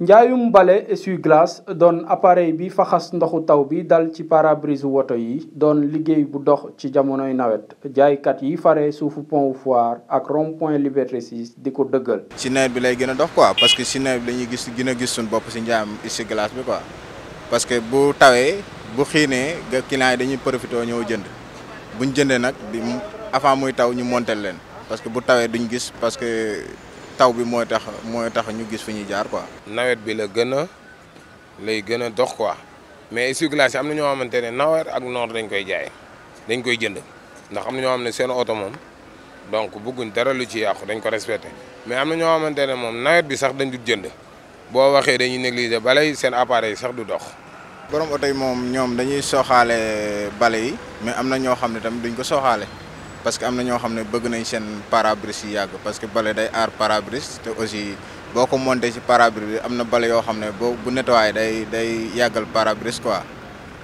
njaayum bale essuie-glace doon appareil bi faxas ndoxu taw bi dal ci parabrise woto yi doon liggéey bu dox ci jamonoy nawet jaaykat yi fare suufu pont foire ak rond point liberté 6 di ko dëggal. si nawet bi lay gën a dox quoi parce que si nawet bi la ñuy gis gën a gis suñu bopp si njaayam essuie-glace bi quoi parce que bu tawee bu xiinee nga client dañuy profité ñëw jënd buñ jëndee nag bi avant muy taw ñu montel leen parce que bu tawee duñu gis parce que. taw bi mooy tax mooy tax ñu gis fu ñuy jaar quoi. nawet bi la gën a lay gën a dox quoi mais essuie-glace yi am na ñoo xamante ne nawet ak noor dañ koy jaay dañ koy jënd ndax am na ñoo xam ne seen oto moom donc bëgguñ dara lu ci yàqu dañ ko respecté mais am na ñoo xamante ne moom nawet bi sax dañ du jënd boo waxee dañuy négliger balay seen appareil sax du dox. borom oto yi moom ñoom dañuy sooxaale bale yi mais am na ñoo xam ne tamit duñ ko sooxaale. parce que am na ñoo xam ne bëgg nañ seen pare-brise yi yàgg parce que bale day aar pare te aussi boo ko monté ci pare-brise am na bale yoo xam ne boo bu nettoyé day day yàggal pare-brise quoi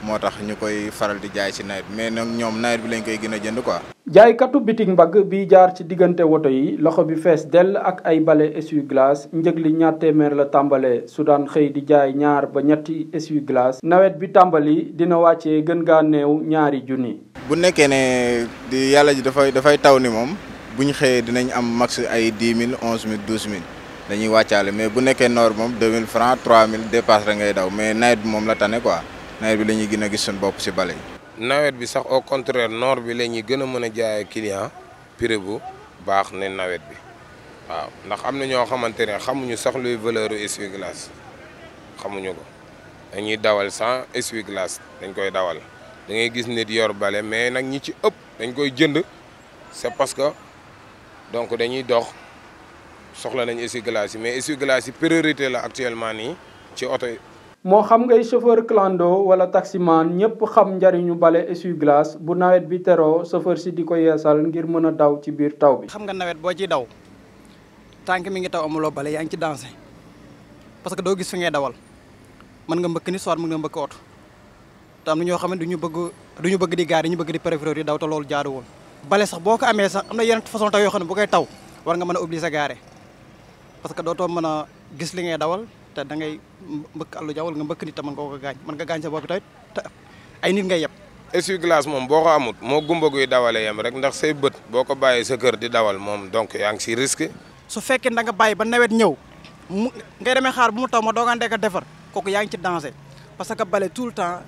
moo tax ñu koy faral di jaay ci nawet mais noonu ñoom nawet bi lañ koy gën a jënd quoi. jaaykatu bitig mbagg bi jaar ci diggante woto yi loxo bi fees dell ak ay bale essuie-glace njëg li ñaar téeméer la tàmbalee su daan xëy di jaay ñaar ba ñetti essuie-glace nawet bi tàmbali dina wàccee gën gaa néew ñaari junni. bu nekkee ne di yàlla ji dafay dafay taw ni moom bu ñu xëyee dinañ am max ay dix mille onze mille douze mille dañuy wàccaale mais bu nekkee noor moom deux mille francs trois mille dépasse rek ngay daw mais nawet bi moom la tane quoi nawet bi la ñuy gën a gis suñu bopp si bale yi. nawet bi sax au contraire noor bi la ñuy gën a mën a jaayee client prix bu baax ne nawet bi waaw ndax am na ñoo xamante ne xamuñu sax luy valeur u essuie xamuñu ko dañuy dawal sans essuie-glace dañ koy dawal. da ngay gis nit yor balé mais nak ñi ci ëpp dañ koy jënd c'est parce que donc dañuy dox soxla nañ essuie-glace mais essuie-glace priorité la actuellement ni ci auto mo xam ngay chauffeur clando wala taximan ñepp xam njariñu balé essuie-glace bu nawet bi téro chauffeur ci diko yeesal ngir mëna daw ci biir taw bi. xam nga nawet bo ci daw tank mi ngi taw amuloo balé yaa ngi ci dansé parce que do gis fi ngay dawal man nga mbëk ni soor mën nga mbëk auto te am na ñoo xam ne du ñu bëgg du ñu bëgg di gaar ñu bëgg di préférer yi daw te loolu jaaduwul bale sax boo ko amee sax am na yeneen façon taw yoo xam ne bu koy taw war nga mën a obliger gaare parce que dootoo mën a gis li ngay dawal te da ngay mbëkk àllu jawwal nga mbëkk nit te mën nga ko gaañ mën nga gaañ sa bopp tamit te ay nit ngay yeb essuie-glace moom boo ko moo gumba guy dawale yem rek ndax say bët boo ko bàyyee sa kër di dawal moom donc yaa ngi si risque su fekkee da nga bàyyi ba nawet ñëw mu ngay demee xaar bu mu taw ma doogaan deka defar kooku yaa ngi ci danger parce que bale tout le temps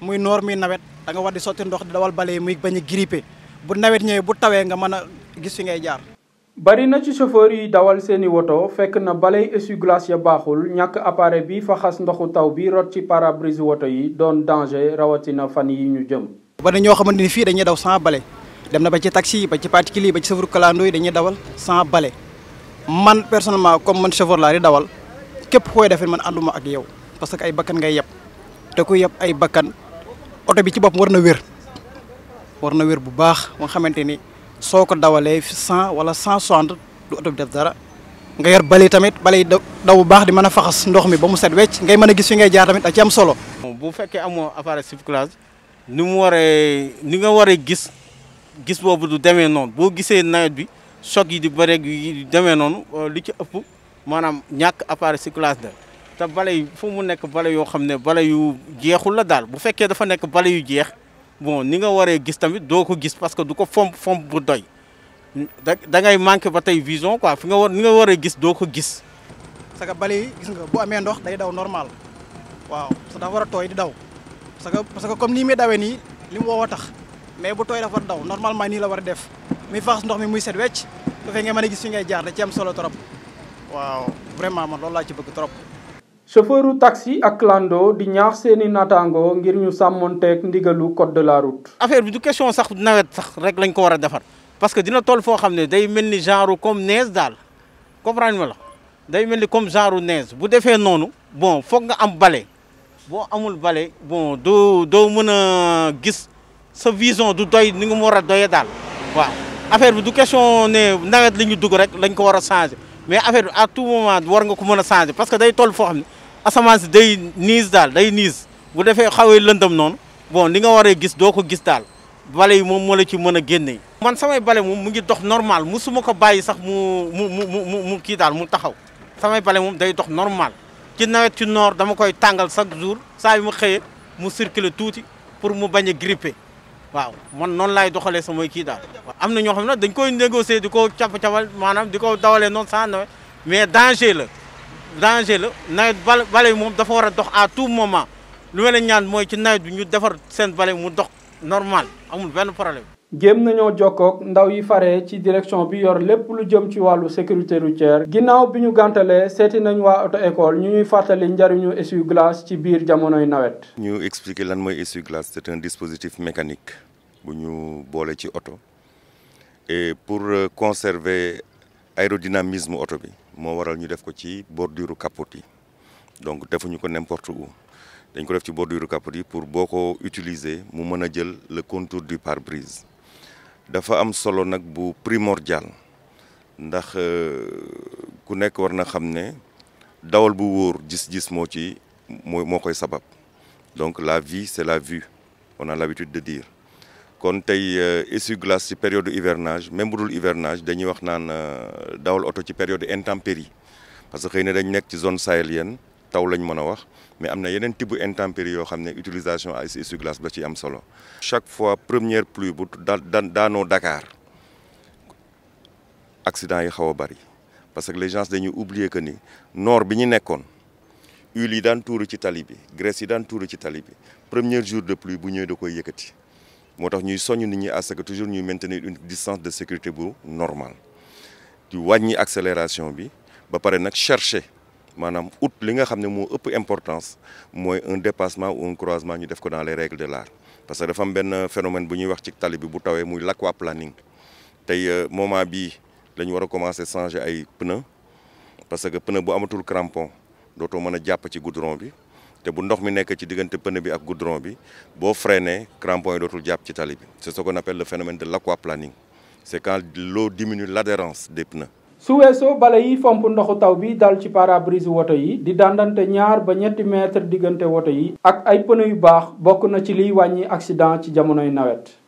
muy noor muy nawet da nga wadi soti ndox dawal bale muy bañ a grippé bu nawet ñëwee bu tawé nga mëna gis fi ngay jaar. bari na ci chauffeur yi dawal seeni woto fekk na balay essuie-glace ya baxul ñak appareil bi fa xass ndoxu taw bi rot ci parabrise woto yi don danger na fan yi ñu jëm. bari ñoo xamante ni fii dañuy daw sans bale dem na ba ci taxi ba ci particulier ba ci chauffeur kalandoy dañuy dawal sans bale man personnellement comme man chauffeur la di dawal kep koy defee man anduma ak yow parce que ay bakkan ngay yeb te koy yeb ay bakkan auto bi ci bop warna wër warna wër bu baax ba nga xamante ni soo ko wala 160 du auto bi def dara nga yar balé tamit balé daw bu baax di mëna faxas ndox mi ba mu set wécc ngay mëna gis fi ngay jaar tamit a ci am solo. bu féké amo appareil cyclage ni mu waré ni nga waré gis gis bobu du démé non bo gisé nawet bi choc yi di bëreeg yi démé non li ci ëpp manam ñak appareil cyclage dal ta balay fu mu nek balay yo xamne balay yu jeexul la dal bu fekke dafa nek balay yu jeex bon ni nga waré gis tamit do ko gis parce que du ko fomp fomp bu doy da ngay manquer ba vision quoi fi nga war ni nga waré gis do ko gis. sa que balay gis nga bu amé ndox day daw normal waaw sa da wara toy di daw sa que parce que comme ni mi dawé ni lim wo tax mais bu toy da war daw normalement ni la wara def mi fax ndox mi muy set wetch fa nga mané gis fi ngay jaar da ci am solo trop waaw vraiment man lool la ci bëgg trop. chauffeuru taxi ak clando di ñaax seeni naataangoo ngir ñu sàmmonteeg ndigalu code de la route. affaire bi du question sax nawet sax rek lañ ko war a defar parce que dina toll foo xam ne day mel ni genre comme neige daal comprendre ma la day mel ni comme genre neige bu defee noonu bon foog nga am bale boo amul bale bon doo doo mën a gis sa vision du doy ni nga mu war a doye daal waaw affaire bi du question ne nawet li dugg rek lañ ko war a changer. mais affaire bi à tout moment war nga ko mën a changer parce que day toll foo xam ne asamaan si day niis daal day niis bu defee xawee lëndam noonu bon li nga waree gis doo ko gis daal bale yi moom moo la ci mën a génne. man samay bale moom mu ngi dox normal suma ko bàyyi sax mu mu mu mu kii daal mu taxaw samay bale moom day dox normal ci nawet ci noor dama koy tàngal chaque jour saa yu mu xëyee mu circuler tuuti pour mu bañ a gripper waaw man noonu laay doxalee samay kii daal am na ñoo xam ne dañ koy négocier di ko cap-capal maanaam di ko dawalee noonu sans nawet mais danger la danger la nawet bal bale bi moom dafa war a dox à tout moment lu ma leen ñaan mooy ci nawet bi ñu defar seen bale mu dox normal amul benn problème jéem nañoo jokkook ndaw yi faré ci direction bi yor lepp lu jëm ci walu sécurité routière ginnaw biñu gantalé séti nañ wa auto école ñu ñuy fàttali njariñu essuie-glace ci biir jamonoy nawet. ñu expliquer lan moy essuie-glace c'est un dispositif mécanique bu ñu boole ci auto et pour euh, conserver aérodynamisme auto bi mo waral ñu def ko ci bordure capote yi donc defuñu ko n'importe où dañ ko def ci bordure capote yi pour boko utiliser mu mën jël le contour du pare-brise dafa am solo nak bu primordial ndax euh, ku nek war na xam dawal bu wor gis-gis mo ci mo koy sabab donc la vie c'est la vue on a l'habitude de dire kon tay euh, essuie-glace ci période hivernage même dul hivernage dañuy wax nan euh, dawal auto ci période intempérie parce que xëy dañ nek ci zone sahélienne taw lañ mëna wax mais amna yenen yeneen intempérie yo xamné utilisation ice essuie-glace ba ci am solo chaque fois première pluie bu da Dakar accident yi xawa bari parce que les gens dañuy oublier que ni nord bi ñu nekkoon huile dan daan ci tali bi graisse yi daan tuuru ci tali bi premier jour de pluie bu ñëw da koy yëkëti motax ñuy soññ nit ñi à ce que toujours ñuy maintenir une distance de sécurité bu normal, di wañi accélération bi ba paré nak chercher manam ut li nga xamné mo importance moy un dépassement ou un croisement ñu def ko dans les règles de l'art parce que dafa am phénomène bu ñuy wax ci tali bi bu tawé muy l'aquaplaning tay euh, moment où nous wara commencer changer ay pneus, parce que pneu bu amatul crampon dootoo mën japp ci goudron bi te bu ndox mi nekk ci diggante pneu bi ak goudron bi bo freiner crampon dootul ci tali c'est ce qu'on appelle le phénomène de l'aquaplaning c'est quand l'eau diminue l'adhérence des pneus su weesoo bala yiy fomp ndoxu taw bi dal ci pare woto yi di dàndante ñaar ba ñetti meetar diggante woto yi ak ay pneu yu baax bokk na ci liy wàññi accident ci jamonoy nawet